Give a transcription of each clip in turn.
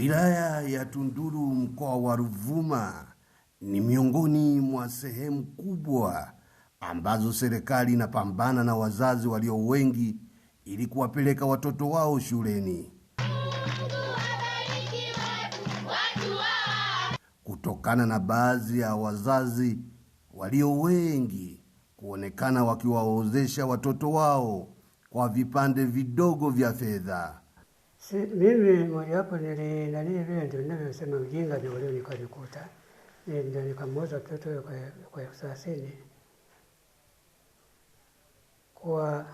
Wilaya ya Tunduru mkoa wa Ruvuma ni miongoni mwa sehemu kubwa ambazo serikali inapambana na wazazi walio wengi ili kuwapeleka watoto wao shuleni. Kutokana na baadhi ya wazazi walio wengi kuonekana wakiwaozesha watoto wao kwa vipande vidogo vya fedha. Si, mimi mojawapo nili nani vile ndio ninavyosema ujinga ndio ule nikalikuta. Ndio nikamuoza mtoto huyo kwa kwa elfu thelathini. Kwa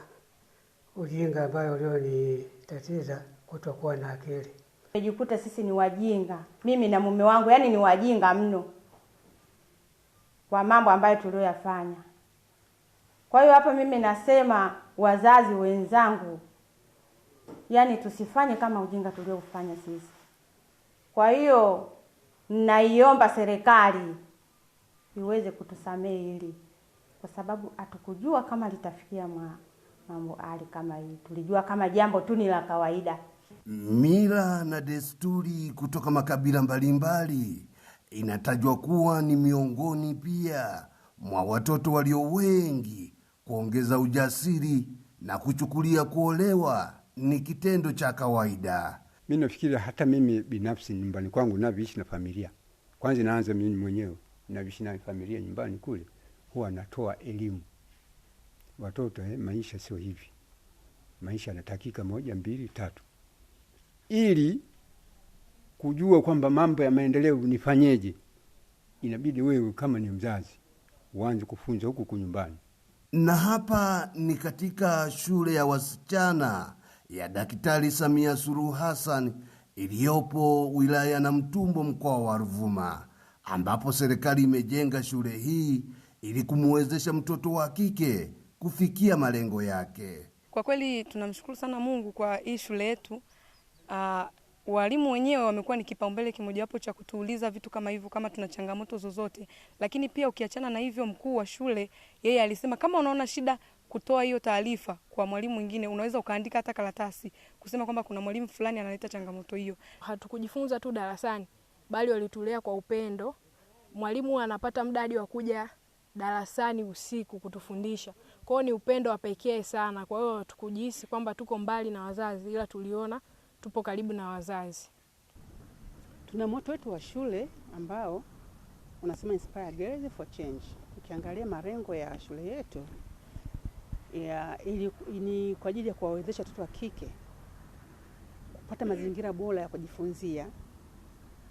ujinga ambayo ulionitatiza kutokuwa na akili. Tumejikuta sisi ni wajinga. Mimi na mume wangu yani ni wajinga mno. Kwa mambo ambayo tuliyoyafanya. Kwa hiyo hapa mimi nasema wazazi wenzangu yaani tusifanye kama ujinga tulioufanya sisi. Kwa hiyo naiomba serikali iweze kutusamehe hili, kwa sababu hatukujua kama litafikia mambo hali kama hii. Tulijua kama jambo tu ni la kawaida. Mila na desturi kutoka makabila mbalimbali inatajwa kuwa ni miongoni pia mwa watoto walio wengi kuongeza ujasiri na kuchukulia kuolewa ni kitendo cha kawaida. Mi nafikiri hata mimi binafsi nyumbani kwangu navyoishi na familia, kwanza naanza mimi mwenyewe navyoishi na familia nyumbani kule, huwa natoa elimu watoto eh, maisha sio hivi, maisha yanatakika moja mbili tatu, ili kujua kwamba mambo ya maendeleo nifanyeje, inabidi wewe kama ni mzazi uanze kufunza huku kunyumbani. Na hapa ni katika shule ya wasichana ya Daktari Samia Suluhu Hassan iliyopo wilaya ya Namtumbo mkoa wa Ruvuma, ambapo serikali imejenga shule hii ili kumwezesha mtoto wa kike kufikia malengo yake. Kwa kweli tunamshukuru sana Mungu kwa hii shule yetu. Uh, walimu wenyewe wamekuwa ni kipaumbele kimojawapo cha kutuuliza vitu kama hivyo, kama tuna changamoto zozote. Lakini pia ukiachana na hivyo, mkuu wa shule yeye alisema kama unaona shida kutoa hiyo taarifa kwa mwalimu mwingine, unaweza ukaandika hata karatasi kusema kwamba kuna mwalimu fulani analeta changamoto hiyo. Hatukujifunza tu darasani, bali walitulea kwa upendo. Mwalimu anapata muda hadi wa kuja darasani usiku kutufundisha. kwao, ni upendo wa pekee sana. Kwa hiyo tukujihisi kwamba tuko mbali na wazazi, ila tuliona tupo karibu na wazazi. Tuna moto wetu wa shule ambao unasema Inspire Girls for Change. Ukiangalia malengo ya shule yetu ya, ili, ni kwa ajili ya kuwawezesha watoto wa kike kupata mazingira bora ya kujifunzia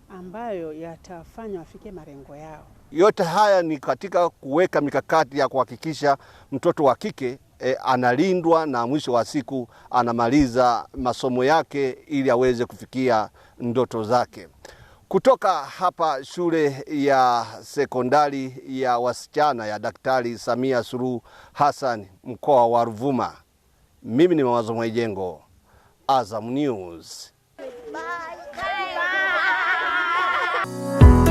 ambayo yatafanya wafikie malengo yao. Yote haya ni katika kuweka mikakati ya kuhakikisha mtoto wa kike e, analindwa na mwisho wa siku anamaliza masomo yake ili aweze kufikia ndoto zake. Kutoka hapa shule ya sekondari ya wasichana ya Daktari Samia Suluhu Hassan mkoa wa Ruvuma, mimi ni Mawazo Mwaijengo, Azam News. Bye. Bye. Bye.